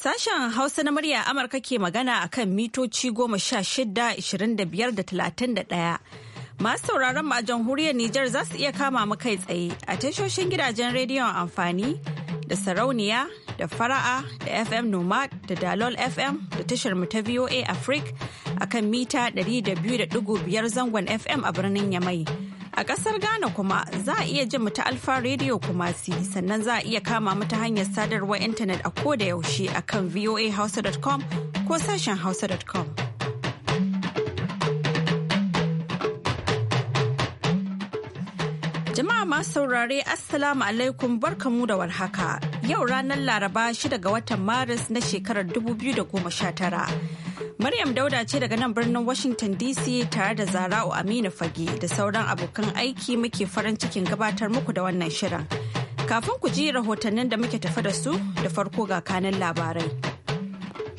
Sashen Hausa na murya Amurka ke magana a kan mitoci goma sha shida, da da talatin ɗaya. Masu sauraron mu a jamhuriyar Nijar za su iya kama mu kai tsaye a tashoshin gidajen rediyon amfani da sarauniya da fara'a da FM Nomad da Dalol FM da tashar mu ta VOA Africa a kan mita 200.5 zangon FM a birnin Yamai. A ƙasar Ghana kuma za a iya jin ta Alfa Radio Kumasi sannan za a iya kama mata hanyar sadarwar intanet a ko da yaushe kan voahausa.com ko sashen hausa.com. Jama'a masu saurare Assalamu alaikum barkamu da warhaka. Yau ranar Laraba shida ga watan Maris na shekarar 2019. Maryam Dauda ce daga nan birnin Washington DC tare da Zara'u Aminu Fage da sauran abokan aiki muke farin cikin gabatar muku da wannan shirin. Kafin ku ji rahotannin da muke tafi da su da farko ga kanan labarai.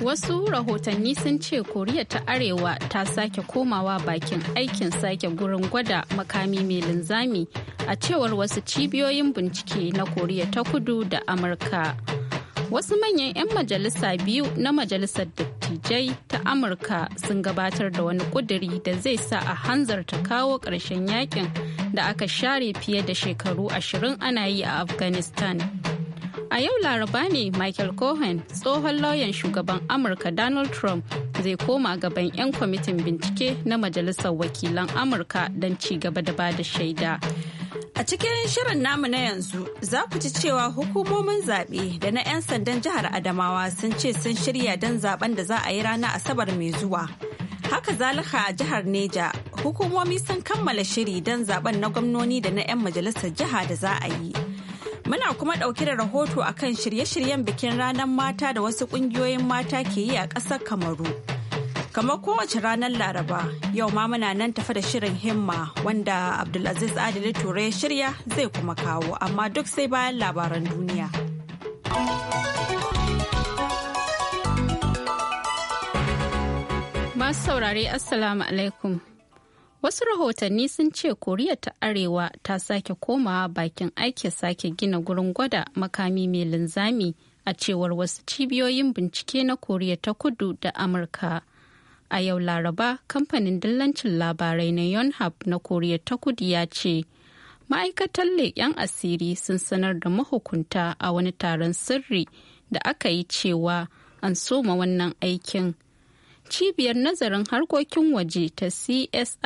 Wasu rahotanni sun ce Koriya ta Arewa ta sake komawa bakin aikin sake gurin gwada makami mai linzami a cewar wasu cibiyoyin bincike na Koriya ta Kudu da Amurka. Wasu manyan 'yan majalisa biyu na Majalisar Dattijai ta Amurka sun gabatar da wani kuduri da zai sa a hanzarta kawo ƙarshen yakin da aka share fiye da shekaru ashirin ana yi a Afghanistan. A yau laraba ne Michael Cohen, tsohon lauyan shugaban Amurka Donald Trump zai koma gaban 'yan kwamitin bincike na Majalisar Wakilan Amurka don ci gaba da bada shaida. A cikin shirin namu na yanzu za ku ci cewa hukumomin zaɓe da na 'yan sandan jihar Adamawa sun ce sun shirya don zaben da za a yi rana Asabar mai zuwa. Haka zalika a jihar Neja, hukumomi sun kammala shiri don zaben na gwamnoni da na 'yan majalisar jiha da za a yi. Muna kuma ɗauke da rahoto a kan shirye-shiryen bikin ranar mata da wasu ƙungiyoyin mata ke yi a ƙasar Kamaru. Kamar kowace ranar Laraba, yau ma muna nan tafa da shirin himma wanda Abdulaziz Adili Ture ya shirya zai kuma kawo, amma duk sai bayan labaran duniya. Masu saurare, Assalamu alaikum. Wasu rahotanni sun ce Koriya ta Arewa ta sake komawa bakin aiki sake gina gurin gwada makami mai linzami a cewar wasu cibiyoyin bincike na Koriya ta Kudu da Amurka. A yau Laraba, kamfanin dillancin labarai na Yonhap na Koriya ta Kudu ya ce, Ma'aikatan leƙen asiri sun sanar da mahukunta a wani taron sirri da aka yi cewa an soma wannan aikin. cibiyar nazarin harkokin waje ta csis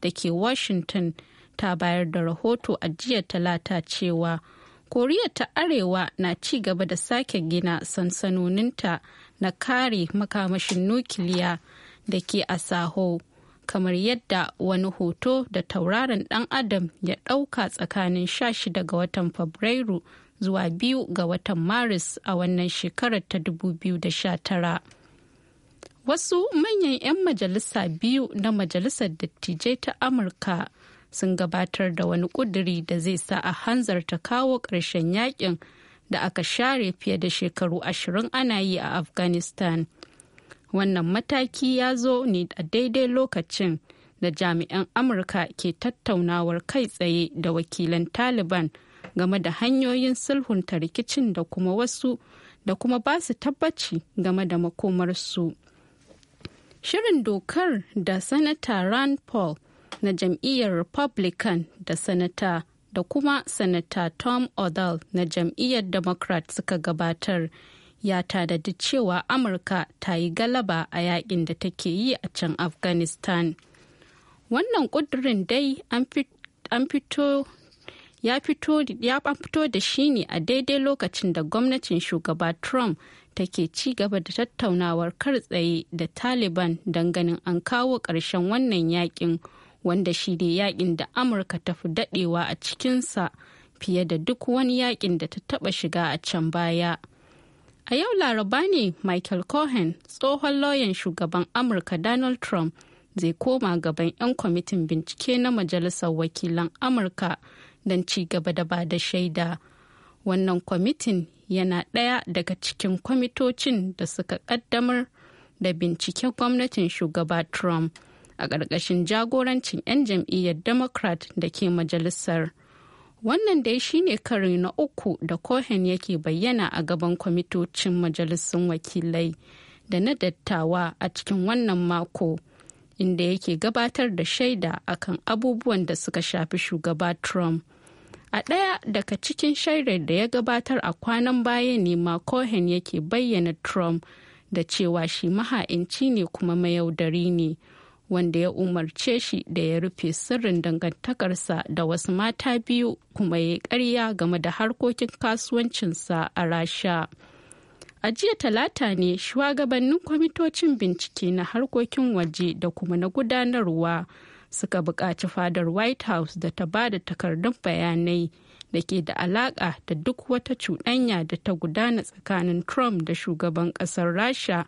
da ke washington ta bayar da rahoto a jiya talata cewa koriya ta arewa na ci gaba da sake gina sansanoninta na kare makamashin nukiliya da ke a saho kamar yadda wani hoto da tauraron dan adam ya ɗauka tsakanin 16 ga watan fabrairu zuwa biyu ga watan maris a wannan shekarar ta 2019 Wasu manyan 'yan majalisa biyu na Majalisar Dattijai ta Amurka sun gabatar da wani ƙuduri da zai sa a hanzarta kawo ƙarshen yakin da aka share fiye da shekaru ashirin ana yi a Afghanistan. Wannan mataki ya zo ne a daidai lokacin da jami'an Amurka ke tattaunawar kai tsaye da wakilan Taliban game da hanyoyin sulhunta rikicin da kuma wasu da kuma ba su tabbaci game da makomarsu. Shirin dokar da Sanata Rand Paul na jam'iyyar Republican da Sanata da kuma Sanata Tom Odell na jam'iyyar Democrat suka gabatar ya tadadi cewa Amurka ta yi galaba a yakin da take yi a can Afghanistan. Wannan ƙudurin dai an fito ya fito da shi ne a daidai lokacin da gwamnatin shugaba Trump take ci gaba da tattaunawar kar tsaye da taliban ganin an kawo ƙarshen wannan yakin wanda shi ne yakin da amurka ta fi daɗewa a cikinsa fiye da duk wani yakin da ta taɓa shiga a can baya a yau laraba ne michael cohen tsohon lauyan shugaban amurka donald trump zai koma gaban 'yan kwamitin bincike na majalisar wakilan amurka don ci gaba da ba da shaida wannan kwamitin yana ɗaya daga cikin kwamitocin da suka ƙaddamar da binciken gwamnatin shugaba trump a ƙarƙashin jagorancin 'yan jam'iyyar democrat da ke majalisar wannan dai shine kari na uku da cohen yake bayyana a gaban kwamitocin majalisun wakilai da na dattawa a cikin wannan mako inda yake gabatar da shaida akan abubuwan da suka shafi shugaba trump A ɗaya daga cikin shaidar da ya gabatar a kwanan baya ne ma Cohen yake bayyana Trump da cewa shi maha'inci ne kuma mayaudari ne, wanda ya umarce shi da ya rufe sirrin dangantakarsa da wasu mata biyu kuma ya karya game da harkokin kasuwancinsa a Rasha. A jiya talata ne shugabannin kwamitocin bincike na harkokin waje da kuma na gudanarwa. suka buƙaci fadar white house da ta ba da takardun bayanai da ke da alaƙa da duk wata cuɗanya da ta gudana tsakanin trump da shugaban ƙasar rasha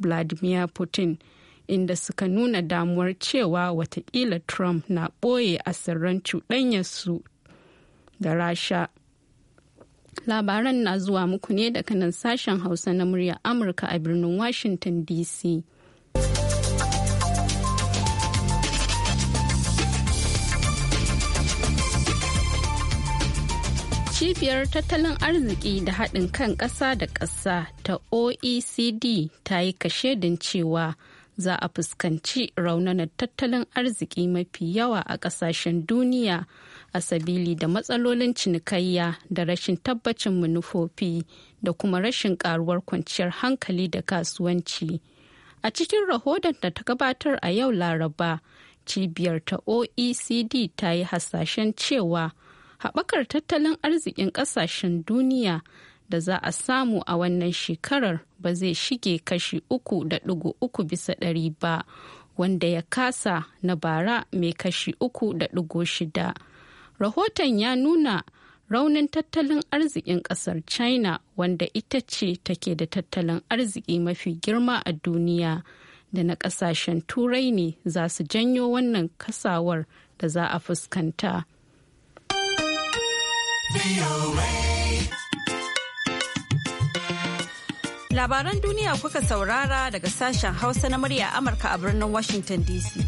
vladimir putin inda suka nuna damuwar cewa watakila trump na ɓoye a asirran cuɗanyarsu da rasha labaran na zuwa muku ne daga nan sashen hausa na murya amurka a birnin washington dc Cibiyar tattalin arziki da haɗin kan ƙasa da ƙasa ta OECD ta yi kashedin cewa za a fuskanci raunanar tattalin arziki mafi yawa a ƙasashen duniya a sabili da matsalolin cinikayya da rashin tabbacin manufofi da kuma rashin ƙaruwar kwanciyar hankali da kasuwanci. A cikin rahoton da ta gabatar a yau Laraba, cibiyar ta OECD ta yi hasashen cewa. haɓakar tattalin arzikin ƙasashen duniya da za a samu a wannan shekarar ba zai shige kashi uku da ɗigo uku bisa ɗari ba wanda ya kasa na bara mai kashi uku da ɗigo shida rahoton ya nuna raunin tattalin arzikin ƙasar china wanda ita ce take da tattalin arziki mafi girma a duniya da na ƙasashen turai ne za su janyo wannan kasawar da za a fuskanta. Labaran duniya kuka saurara daga sashen Hausa na murya Amurka a birnin Washington DC.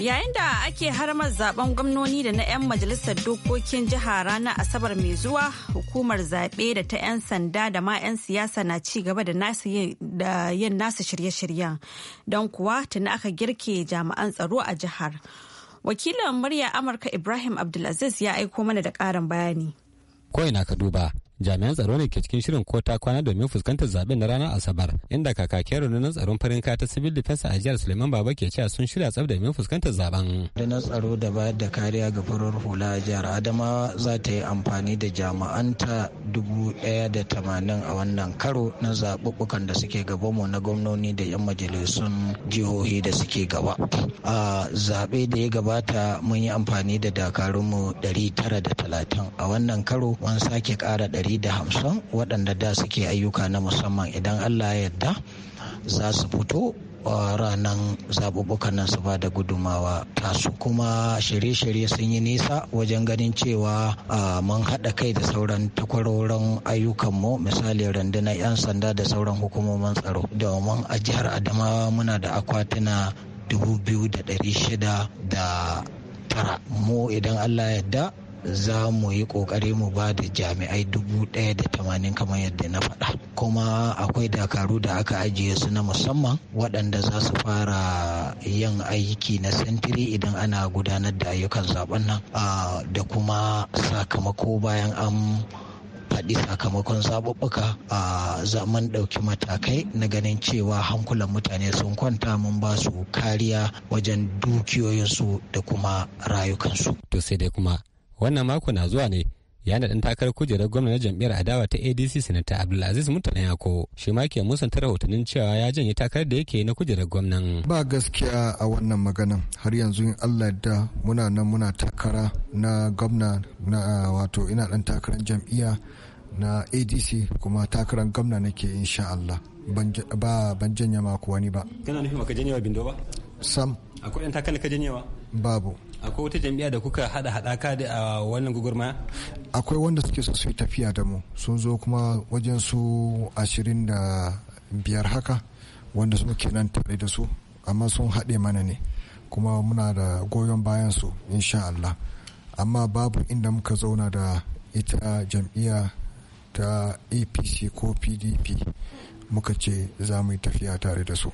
Yayin da ake harmar zaben gwamnoni da na 'yan majalisar dokokin jiha ranar Asabar mai zuwa, hukumar zaɓe da ta 'yan sanda da ma 'yan siyasa na ci gaba da yin nasu shirye-shiryen. Don kuwa tuni aka girke jami'an tsaro a jihar. wakilin murya amurka ibrahim abdulaziz ya aiko mana da ƙarin bayani ko ina ka duba jami'an tsaro ne ke cikin shirin ko ta kwana domin fuskantar zaben na ranar asabar inda kakakiyar rundunar tsaron farin ka ta civil defense a jihar suleiman baba ke cewa sun shirya tsaf domin fuskantar zaben rundunar tsaro da bayar da kariya ga farar hula a jihar adamawa za ta yi amfani da jami'anta dubu ɗaya da tamanin a wannan karo na zaɓuɓɓukan da suke gaba mu na gwamnoni da 'yan majalisun jihohi da suke gaba a zaɓe da ya gabata mun yi amfani da dakarunmu talatin a wannan karo an sake ƙara 150 waɗanda da suke ayyuka na musamman idan allah ya yarda za su fito uh, ranar zaɓuɓɓuka nan su ba da gudumawa tasu kuma shirye-shirye sun yi nisa wajen ganin cewa uh, mun haɗa kai da sauran takwarorin ayyukanmu misali rundunar 'yan sanda da sauran hukumomin tsaro domin a jihar adamawa muna da akwatuna 2,600 da tara mu idan allah yarda. za mu yi kokari mu ba da jami'ai dubu ɗaya da tamanin kamar yadda na faɗa kuma akwai dakaru da aka ajiye su na musamman waɗanda za su fara yin aiki na sentiri idan ana gudanar da ayyukan zaben nan da kuma sakamako bayan an faɗi sakamakon zaɓuɓɓuka a zaman ɗauki matakai na ganin cewa hankulan mutane sun kwanta mun ba su kariya wajen dukiyoyinsu da kuma rayukansu. To sai dai kuma wannan mako na zuwa ne ya dan takarar kujerar gwamna na jam'iyyar adawa ta adc sanata abdulaziz mutane yako shi ma ke ta rahotannin cewa ya janye takarar da yake na kujerar gwamnan ba gaskiya a wannan maganan har yanzu in allah da muna nan muna takara na gwamna na wato ina dan takarar jam'iyya na adc kuma takarar gwamna nake insha allah ba ban janya mako wani ba kana nufin janye janyewa bindo ba sam akwai dan takarar ka janyewa babu akwai wata jami'a da kuka hada hadaka da a wannan gugurma akwai wanda suke so su yi tafiya da mu sun zo kuma wajen su ashirin da biyar haka wanda su nan tare da su amma sun haɗe mana ne kuma muna da goyon bayan su insha Allah amma babu inda muka zauna da ita jam'iyya ta apc ko pdp muka ce za mu yi tafiya tare da su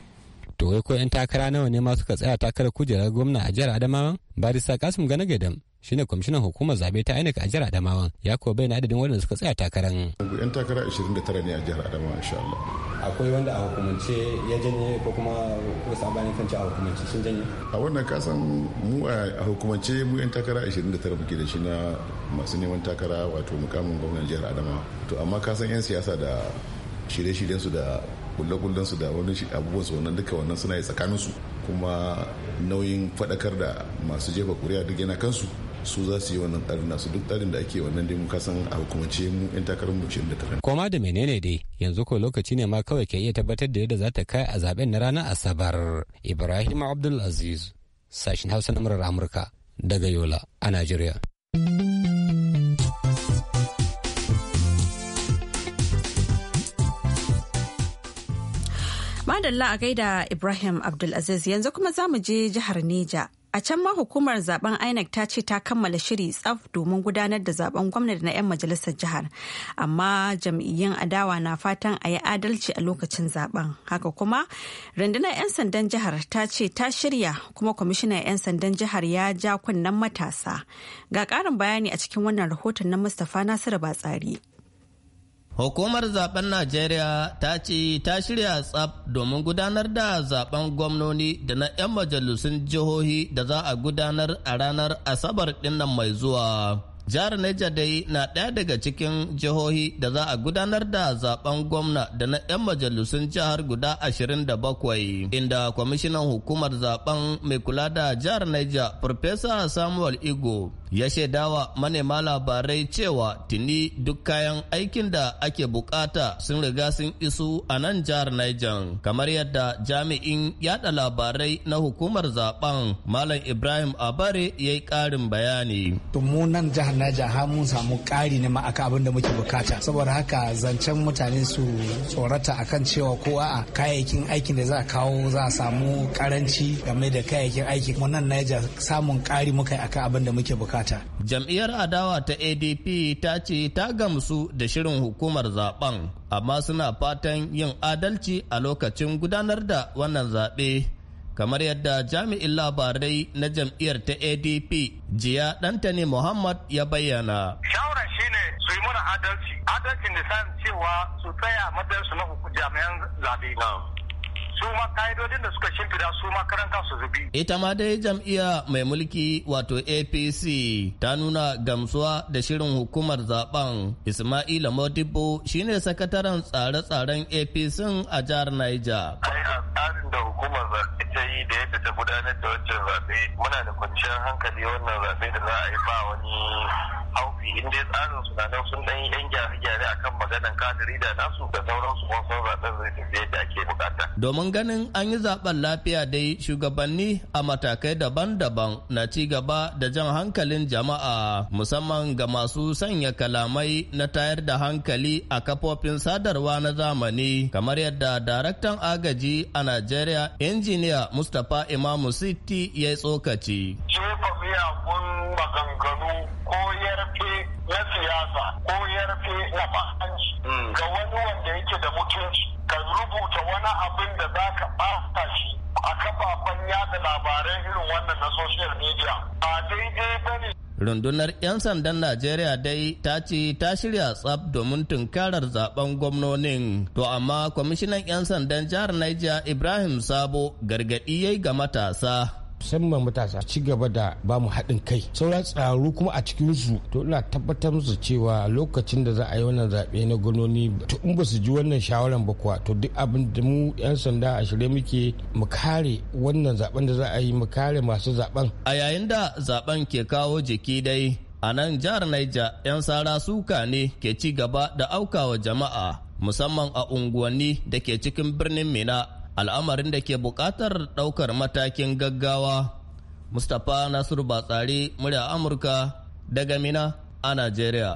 to wai ko 'yan takara nawa ne ma suka tsaya takarar kujerar gwamna a jihar adamawan barista kasim gane gadam shine kwamishinan hukumar zabe ta ainihin a jihar Adamawa ya kuwa bayyana adadin waɗanda suka tsaya takaran. Yan takara 29 ne a jihar Adamawa insha Allah. Akwai wanda a hukumance ya janye ko kuma wasu sabanin kanci a hukumance sun janye. A wannan kasan mu a hukumance mu yan takara 29 muke da shi na masu neman takara wato mukamin gwamnan jihar Adamawa. To amma kasan yan siyasa da shirye-shiryensu da kulle-kullen su da wani abubuwan su wannan duka wannan suna yi tsakanin su kuma nauyin fadakar da masu jefa kuri'a duk yana kansu su za su yi wannan tsarin nasu duk tsarin da ake wannan dai muka san a hukumance mu yan takarar mu da tare. Koma da menene dai yanzu ko lokaci ne ma kawai ke iya tabbatar da yadda za ta kai a zaben na ranar Asabar. Ibrahim Abdul sashin Hausa na murar Amurka daga Yola a Najeriya. Madalla a gaida Ibrahim Abdulaziz yanzu kuma za mu je jihar Neja. A can ma hukumar zaben INEC ta ce ta kammala shiri tsaf domin gudanar da zaben gwamnati na 'yan majalisar jihar. Amma jam'iyyun adawa na fatan a yi adalci a lokacin zaben. Haka kuma rundunar 'yan sandan jihar ta ce ta shirya kuma kwamishinan 'yan sandan jihar ya ja kunnen matasa. Ga ƙarin bayani a cikin wannan rahoton na Mustapha Nasiru Batsari. Hukumar zaben Najeriya ta ce ta shirya tsaf domin gudanar da zaben gwamnoni da na 'yan majalisun jihohi da za a gudanar a ranar Asabar dinnan mai zuwa. Jihar Neja dai na ɗaya daga cikin jihohi da za a gudanar da zaben gwamna da na 'yan majalisun jihar guda 27 inda kwamishinan hukumar zaben mai kula da jihar Neja Farfesa Samuel Igo ya shaidawa manema labarai cewa tuni duk kayan aikin da ake bukata sun riga sun isu a nan jihar Niger kamar yadda jami'in yada labarai na hukumar zaben Malam Ibrahim Abare ya yi ƙarin bayani. Tumunan jihar naja har mun samu ƙari ne ma aka abin da muke bukata saboda haka zancen mutane su tsorata akan cewa ko a kayayyakin aikin da za a kawo za a samu karanci game da kayayyakin aikin wannan naja samun ƙari muka yi akan abin da muke bukata jam'iyyar adawa ta adp ta ce ta gamsu da shirin hukumar zaben amma suna fatan yin adalci a lokacin gudanar da wannan zaɓe kamar yadda jami'in labarai na jam'iyyar ta adp jiya dantani muhammad ya bayyana shawarar shine su yi mana adalci adalcin da cewa su tsaya matsayinsu na jami'an zaɓe su ma ka'idodin da suka shimfida su ma karan kansu zubi. Ita ma dai jam'iyya mai mulki wato APC ta nuna gamsuwa da shirin hukumar zaben Ismaila Modibo shine sakataren tsare-tsaren APC a jihar Niger. da hukumar zaɓe da yadda ta gudanar da wancan zaɓe muna da kwanciyar hankali wannan zaɓe da za a yi ba wani haufi in dai tsarin su nan sun dan yan gyare-gyare akan maganan kadiri da nasu da sauransu kuma sun zaɓen zai tafi yadda ake bukata. Domin ganin an yi zaɓen lafiya dai shugabanni a matakai daban-daban na ci gaba da jan hankalin jama'a musamman ga masu sanya kalamai na tayar da hankali a kafofin sadarwa na zamani kamar yadda daraktan agaji a Najeriya injiniya Mustapha Imamu City ya yi tsokaci. Jefa miyagun maganganu ko yar yarfe na siyasa ko yarfe na ma'anci hmm. ga wani wanda yake da mutunci ka rubuta wani abin da za ka ɓata shi a kafafen yada labaran irin wannan na social media ba daidai ba ne rundunar 'yan sandan najeriya dai ta ce ta shirya tsab domin tunkarar zaben gwamnonin to amma kwamishinan 'yan sandan jihar niger ibrahim sabo gargaɗi ya yi ga matasa musamman matasa ci gaba da ba mu haɗin kai sauran tsaro kuma a cikin su to ina tabbatar musu cewa lokacin da za a yi wannan zaɓe na gononi to in ba su ji wannan shawaran ba kuwa to duk abin da mu 'yan sanda a shirye muke mu kare wannan zaben da za a yi mu kare masu zaɓen. a yayin da zaɓen ke kawo jiki dai a nan jihar naija 'yan sara suka ne ke ci gaba da aukawa jama'a musamman a unguwanni da ke cikin birnin Mina al'amarin da ke buƙatar ɗaukar matakin gaggawa. Mustapha Nasiru Batsari, murya Amurka daga Mina a Najeriya.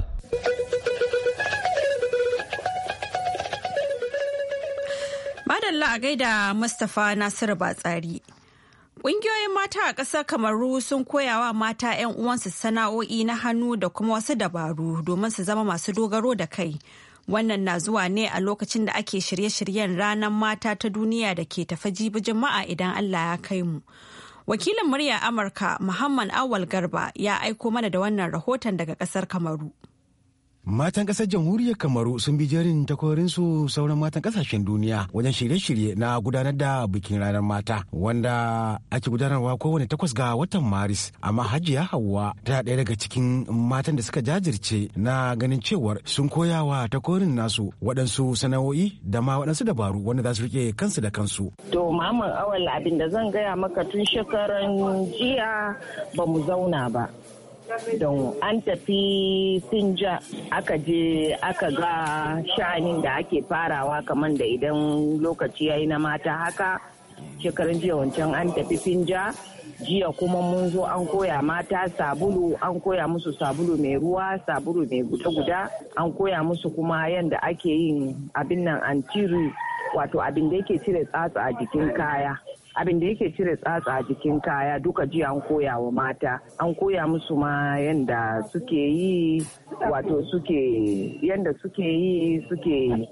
Madalla a gaida Mustapha Nasiru Batsari. Ƙungiyoyin mata a ƙasar Kamaru sun koya wa mata 'yan uwansu sana'o'i na hannu da kuma wasu dabaru domin su zama masu dogaro da kai. Wannan na zuwa ne a lokacin da ake shirye-shiryen ranar mata ta duniya da ke tafa jibi jama'a idan Allah ya kai mu. Wakilin murya Amurka Muhammad Awal Garba ya aiko mana da wannan rahoton daga ƙasar Kamaru. Matan ƙasar jamhuriyar Kamaru sun bi jerin takwarorinsu sauran matan ƙasashen duniya wajen shirye-shirye na gudanar da bikin ranar mata wanda ake gudanarwa kowane takwas ga watan Maris. Amma Hajiya Hauwa ta ɗaya daga cikin matan da suka jajirce na ganin cewar sun koya wa takorin nasu waɗansu sana'o'i da ma waɗansu dabaru wanda za su riƙe kansu da kansu. To Muhammad Awal abin da zan gaya maka tun shekaran jiya ba mu zauna ba. don an tafi sinja aka je aka ga sha'anin da ake farawa kamar da idan lokaci ya yi na mata haka shekarun jiya wancan an tafi sinja jiya kuma mun zo an koya mata sabulu an koya musu sabulu mai ruwa sabulu mai guda-guda an koya musu kuma yadda ake yin abin nan ciri wato abin da yake cire tsatsa a jikin kaya abin da yake cire tsatsa a jikin kaya duka ji an koya wa mata an koya musu ma yadda suke yi wato suke yadda suke yi suke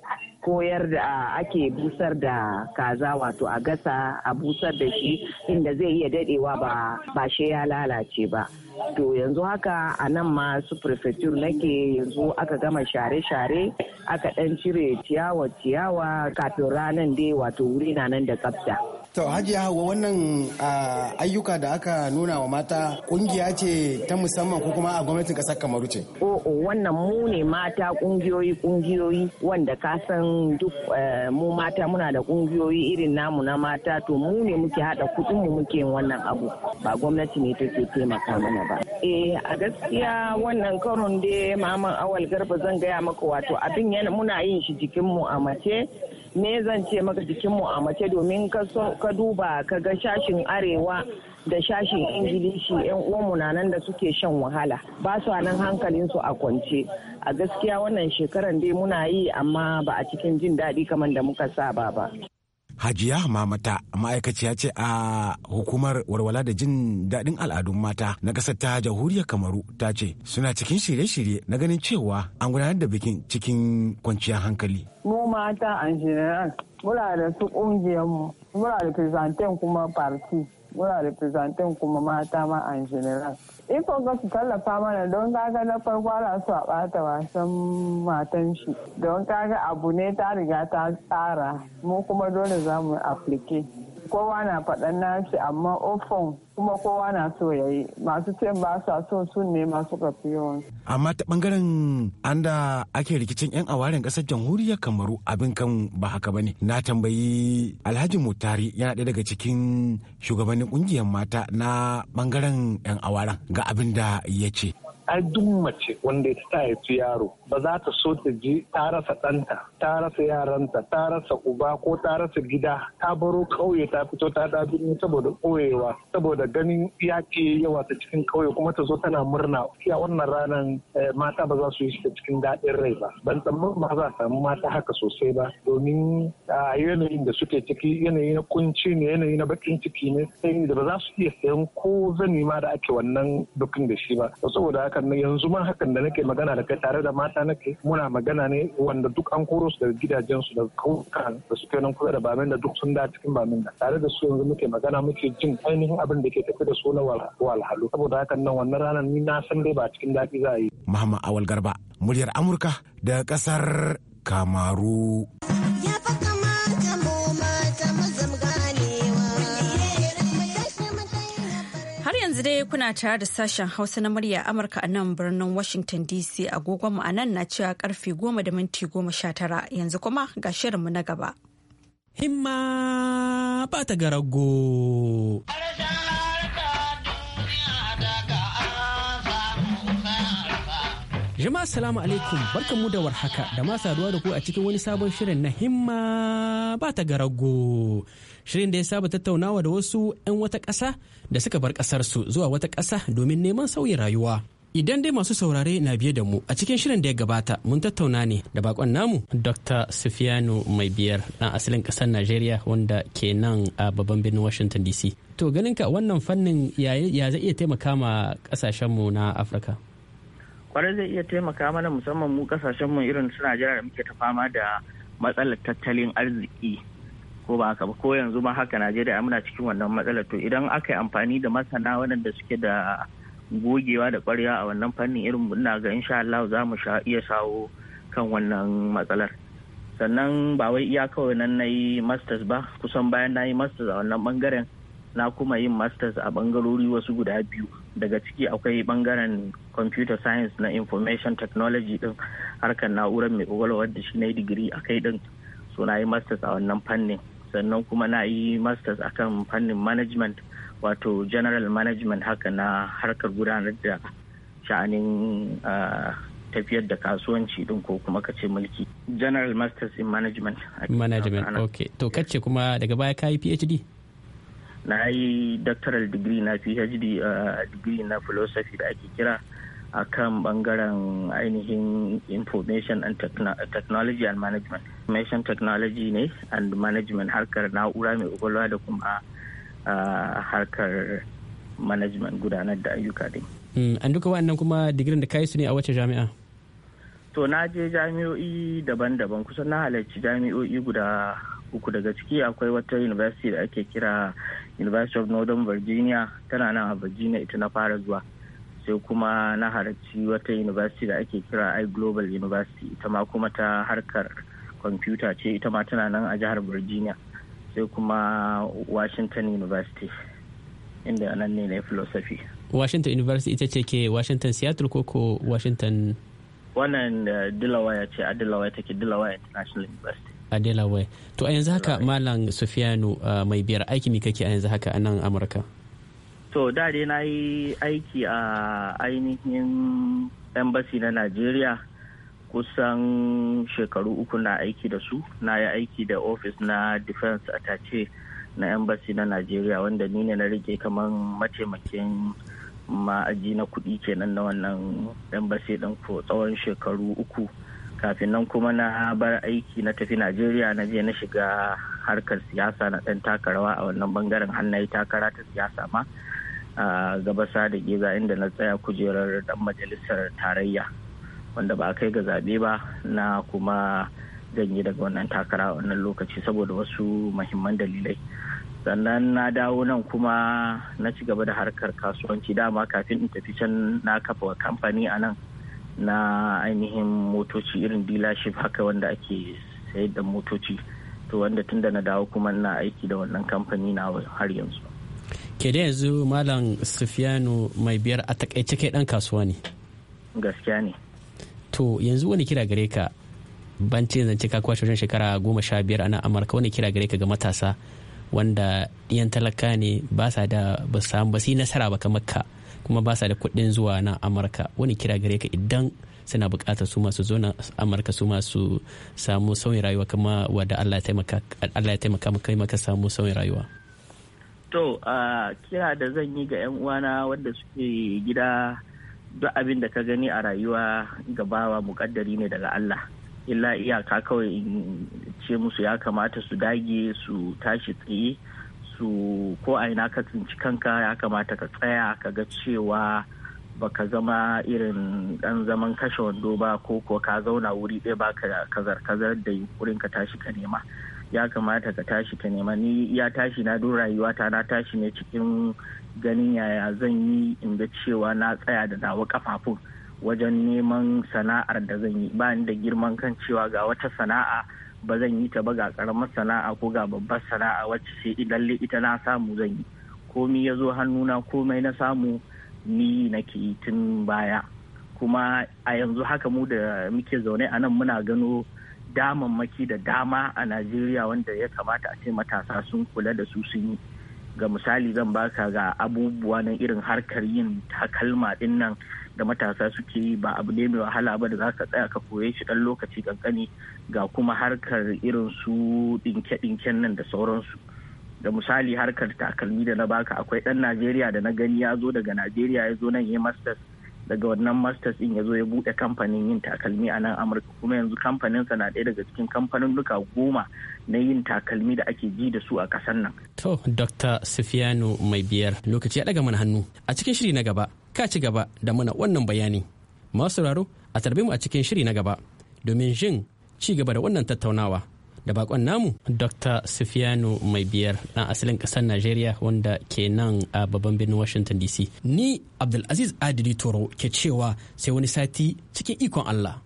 koyar da ake busar da kaza wato a gasa a busar da shi inda zai iya dadewa ba ba shi ya lalace ba to yanzu haka a nan ma su prefecture nake yanzu aka gama share-share aka dan cire ciyawa ciyawa kafin ranan dai wato wuri na nan da tsafta To Hajiya Hauwa wannan ayyuka da aka nuna wa mata kungiya ce ta musamman ko kuma a gwamnatin kasar Kamaru ce? Oh, wannan mu ne mata kungiyoyi kungiyoyi wanda ka san duk eh, mu mata muna da kungiyoyi irin namu na mata to mu ne muke hada kuɗin mu muke wannan abu ba gwamnati ne take taimaka mana ba. Eh a gaskiya wannan karon dai maman awal garba zan gaya maka wato abin yana muna yin shi jikin mu a mace me zan ce maka jikinmu a mace domin ka duba ka ga shashin arewa da shashin ingilishi yan uwanmu na nan da suke shan wahala ba su nan su a kwance a gaskiya wannan shekaran dai muna yi amma ba a cikin jin daɗi kamar da muka saba ba hajiya mamata ma'aikaciya ce a hukumar walwala da jin daɗin al'adun mata na ƙasar ta jamhuriyar kamaru ta ce suna cikin shirye-shirye na ganin cewa an gudanar da bikin cikin kwanciyar hankali mu mata an muna da su ƙungiyarmu muna da kuma parti muna representin kuma mata ma an general ifo ga su tallafa mana don kaga na farko ana su a bata wasan matan shi don kaga abu ne ta riga ta tsara mu kuma dole za mu aplike kowa na faɗan nashi amma ofon kuma kowa na so ya yi masu ce ba sa so sun ne masu kafiyon. Amma ta bangaren an da ake rikicin 'yan awaren ƙasar jamhuriyar Kamaru abin kan ba haka ba ne. Na tambayi Alhaji Mutari yana ɗaya daga cikin shugabannin ƙungiyar mata na bangaren 'yan awaren ga abin da ya ce. ai duk mace wanda ta haifi yaro ba za ta so ta ji ta rasa ɗanta ta rasa yaranta ta rasa uba ko ta rasa gida ta baro ƙauye ta fito ta da birni saboda ƙoyewa saboda ganin ya ke yawa ta cikin ƙauye kuma ta zo tana murna iya wannan ranar eh, mata ba za su yi shi cikin daɗin rai ba ban tsammanin ba za a samu mata haka sosai ba domin a yanayin da suke ciki yanayi na kunci ne yanayi na bakin ciki ne sai da ba za su iya sayan ko zani ma da ake wannan dukkan da shi ba saboda haka hakan yanzu ma hakan da nake magana da kai tare da mata nake muna magana ne wanda duk an koro su daga gidajensu daga kauka da suke nan kusa da bamin da duk sun da cikin bamin da tare da su yanzu muke magana muke jin ainihin abin da ke tafi da su na walhalu saboda hakan nan wannan ranar ni na san dai ba cikin daɗi za a yi. Muhammad Awal Garba muryar Amurka da ƙasar Kamaru. yanzu dai kuna tare da sashen Hausa na murya Amurka a nan birnin Washington DC agogon mu a nan na cewa karfe goma da minti goma sha tara yanzu kuma ga shirinmu na gaba. Himma ba ta garago. Jama'a salamu alaikum barkanmu da warhaka da ma saduwa da ku a cikin wani sabon shirin na himma ba ta garago. shirin da ya saba tattaunawa da wasu 'yan wata ƙasa da suka bar ƙasarsu zuwa wata ƙasa domin neman sauyin rayuwa. Idan dai masu saurare na biye da mu a cikin shirin da ya gabata mun tattauna ne da bakon namu Dr. Sufiyanu mai biyar ɗan asalin ƙasar Najeriya wanda ke nan a babban birnin Washington DC. To ganin ka wannan fannin ya zai iya taimaka ma ƙasashenmu na Afirka? Kwarai zai iya taimaka mana musamman mu ƙasashenmu irin su Najeriya da muke ta fama da matsalar tattalin arziki ko ba haka ba ko yanzu ma haka najeriya muna cikin wannan matsalar to idan aka yi amfani da masana waɗanda suke da gogewa da kwarewa a wannan fannin irin muna ga insha Allah za mu iya shawo kan wannan matsalar sannan ba wai iya kawai nan na yi masters ba kusan bayan na yi masters a wannan bangaren na kuma yin masters a bangarori wasu guda biyu daga ciki akwai bangaren computer science na information technology din harkar na'urar mai kwakwalwa da shi na yi digiri a kai din so na yi masters a wannan fannin sannan kuma na yi masters akan fannin management wato general management haka na harkar gudanar da sha'anin ah, tafiyar da kasuwanci din ko kuma kace mulki general masters in management management okay to kace kuma daga baya ka yi phd na yi doctoral degree na phd a ah, degree na philosophy da ake kira akan kan bangaren ainihin information and technology and management information technology ne and management harkar na'ura mai kwakwalwa da kuma ah, harkar management gudanar da ayyuka din. Mm, an duka wa'annan kuma digirin da kayi su ne a wacce jami'a? to na je jami'o'i daban-daban kusan na halarci jami'o'i guda uku daga ciki akwai wata university da ake kira university of northern virginia tana nan a virginia ita na fara zuwa sai kuma na halarci wata university da ake kira i global university ita ma kuma ta harkar kwamfuta ce ita ma tana nan a jihar virginia sai kuma washington university inda nan ne na philosophy washington university ita ce ke washington seattle ko ko washington wannan uh, delaware ce a delaware take delaware international university a delaware to a yanzu haka malam sufiyanu uh, mai biyar aiki mika kake a yanzu haka a nan amurka to da dai na yi aiki a ainihin embassy na nigeria kusan shekaru uku na aiki da su na yi aiki da ofis na defense attache na embassy na nigeria wanda ni ne na rike kamar mataimakin ma'aji na kuɗi kenan na wannan embassy ɗin ko tsawon shekaru uku kafin nan kuma na bar aiki na tafi nigeria na je na shiga harkar siyasa na ɗan takarawa a wannan bangaren hannayi takara ta siyasa ma a gabasa da giza inda na tsaya kujerar dan majalisar tarayya wanda ba a kai ga zaɓe ba na kuma janye daga wannan takara a wannan lokaci saboda wasu mahimman dalilai sannan na dawo nan kuma na ci gaba da harkar kasuwanci dama kafin in tafi can na kafa wa kamfani a nan na ainihin motoci irin dealership haka wanda ake sayar da motoci to wanda tunda na dawo kuma na aiki da wannan kamfani na har yanzu ke da yanzu malam sufiyanu mai biyar a takaice kai dan kasuwa ne gaskiya ne to yanzu wani kira gare ka bancin zance ka kwashe wajen shekara goma sha biyar a nan amurka wani kira gare ka ga matasa wanda yan talaka ne ba sa da ba samu ba su nasara ba kamar ka kuma ba sa da kuɗin zuwa na amurka wani kira gare ka idan suna buƙatar su masu zo na amurka su masu samu sauyin rayuwa kama wadda allah ya taimaka maka maka samu sauyin rayuwa to kira da zan yi ga 'yan uwana wanda suke gida duk abin da ka gani a rayuwa gabawa mukaddari ne daga Allah illa iyaka kawai in ce musu ya kamata su dage su tashi tsaye su ko a ina ka tsinci kanka ya kamata ka tsaya ka ga cewa baka zama irin dan zaman kashe wando ba ko ko ka zauna wuri ɗaya ba ka kazar kazar da yunkurin ka tashi ka nema ya kamata ka tashi ka nema ni ya tashi na don rayuwa ta na tashi ne cikin ganin yaya zan yi in ga cewa na tsaya da nawa kafafun wajen neman sana'ar da zan yi ba ni da girman kan cewa ga wata sana'a ba zan yi ta ba ga karamar sana'a ko ga babbar sana'a wacce sai idan ita na samu zan yi komi ya zo hannuna komai na samu ni nake yi tun baya kuma a yanzu haka mu da muke zaune a nan muna gano damammaki da dama a najeriya wanda ya kamata a ce matasa sun kula da su sun yi ga misali zan baka ga abubuwa na irin harkar yin takalma din nan da matasa suke yi ba abu ne mai wahala ba da za ka tsaya ka koye shi dan lokaci kankani ga kuma harkar irin su dinke-dinken nan da sauransu da misali harkar takalmi da na baka akwai dan najeriya da na gani ya zo daga najeriya ya zo nan ya masters daga wannan masters in ya zo ya buɗe kamfanin yin takalmi a nan amurka kuma yanzu kamfanin sa na ɗaya daga cikin kamfanin duka goma na yin takalmi da ake ji da su a ƙasar nan. to dr sufiyanu mai biyar lokaci ya ɗaga mana hannu a cikin shiri na gaba ka ci gaba da mana wannan bayani masu sauraro a tarbe mu a cikin shiri na gaba domin jin ci gaba da wannan tattaunawa da bakon namu dr sufiyanu mai biyar dan asalin kasar najeriya wanda ke nan a babban birnin washington dc ni abdulaziz adili toro ke cewa sai wani sati cikin ikon allah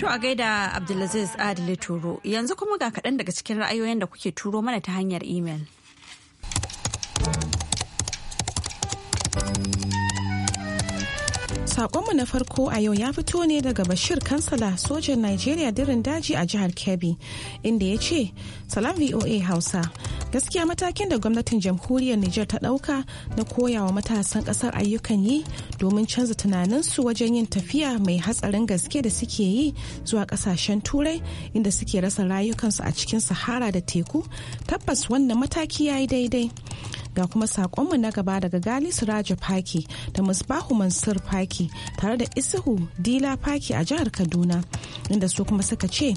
To a gaida Abdulaziz Adili Turo yanzu kuma ga kaɗan daga cikin ra'ayoyin da kuke turo mana ta hanyar imel. Sakonmu na farko a yau ya fito ne daga Bashir Kansala sojan Najeriya dirin daji a jihar Kebbi inda ya ce, Salam VOA Hausa, gaskiya matakin da gwamnatin jamhuriyar Nijar ta ɗauka na koyawa matasan kasar ayyukan yi domin canza tunaninsu wajen yin tafiya mai hatsarin gaske da suke yi zuwa kasashen turai inda suke rasa rayukansu a cikin sahara da teku, tabbas wannan mataki ya yi daidai. ga kuma sakonmu na gaba daga gali suraja paki da musbahu mansur paki tare da isuhu dila paki a jihar kaduna inda su kuma suka ce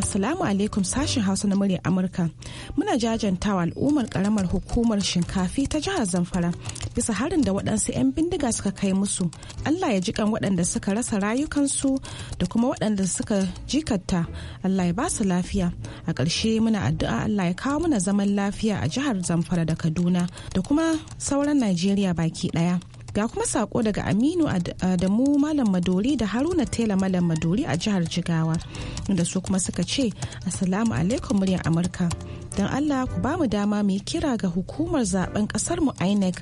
assalamu alaikum sashen hausa na muryar amurka muna jajantawa al'ummar karamar hukumar shinkafi ta jihar zamfara bisa harin da waɗansu 'yan bindiga suka kai musu allah ya jikan waɗanda suka rasa rayukansu da kuma waɗanda suka jikatta allah ya ba su lafiya a ƙarshe muna addu'a allah ya kawo mana zaman lafiya a jihar zamfara da kaduna da kuma sauran najeriya baki ɗaya. Ga kuma sako daga Aminu da mu Malam Madori da Haruna Tela Malam Madori a jihar Jigawa, inda su kuma suka ce, Assalamu alaikum muryar Amurka. don Allah ku ba mu dama mu yi kira ga hukumar zaben kasar mu INEC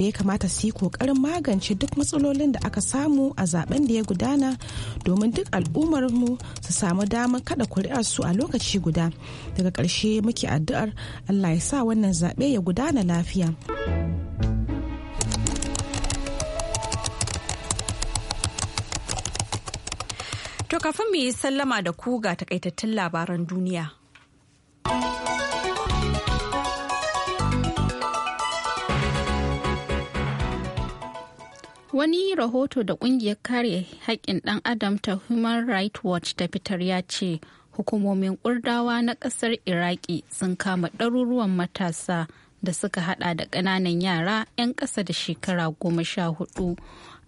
da ya kamata su yi kokarin magance duk matsalolin da aka samu a zaben da ya gudana domin duk al'ummar mu su samu damar kada kuri'ar su a lokaci guda daga karshe muke addu'ar Allah ya sa wannan zaɓe ya gudana lafiya. To kafin mu yi sallama da ku ga takaitattun labaran duniya. Wani rahoto da kungiyar kare haƙƙin ɗan adam ta Human Rights Watch ta fitar ya ce hukumomin ƙurdawa na ƙasar Iraki sun kama ɗaruruwan matasa da suka haɗa da ƙananan yara 'yan ƙasa da shekara goma sha hudu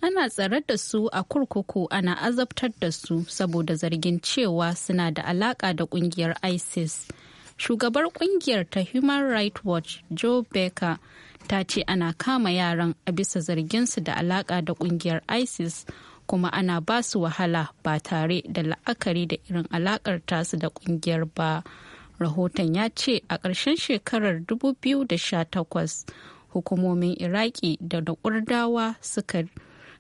ana tsare da su a kurkuku ana azabtar da su saboda zargin cewa suna da alaka da kungiyar isis shugabar kungiyar ta human rights watch joe becker ta ce ana kama yaran a bisa su da alaka da kungiyar isis kuma ana ba su wahala ba tare da la'akari da irin alakar tasu da kungiyar ba rahoton ya ce a ƙarshen shekarar 2018 hukumomin iraki da da kurdawa suka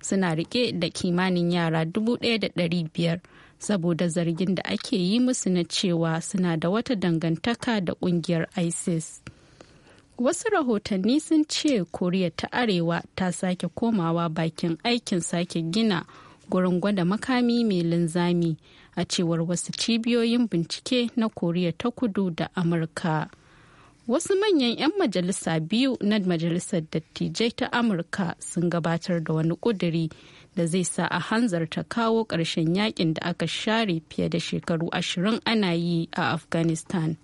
suna rike da kimanin yara 1,500 saboda zargin da ake yi musu na cewa suna da wata dangantaka da kungiyar isis wasu rahotanni sun ce koriya ta arewa ta sake komawa bakin aikin sake gina gurin gwada makami mai linzami a cewar wasu cibiyoyin bincike na koriya ta kudu da amurka Wasu manyan 'yan majalisa biyu na Majalisar Dattijai ta Amurka sun gabatar da wani ƙuduri da zai sa a hanzarta kawo ƙarshen yakin da aka share fiye da shekaru ashirin ana yi a Afghanistan.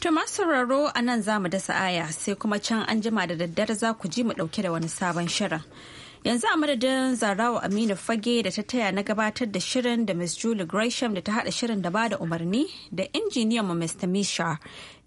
To masu sauraro a nan za mu dasa aya sai kuma can an jima da daddare za ku ji mu ɗauke da wani sabon shirin. yanzu a madadin zarawa aminu fage da ta taya na gabatar da shirin da miss julie gresham da ta haɗa shirin da ba da umarni da injiniyan mu mr misha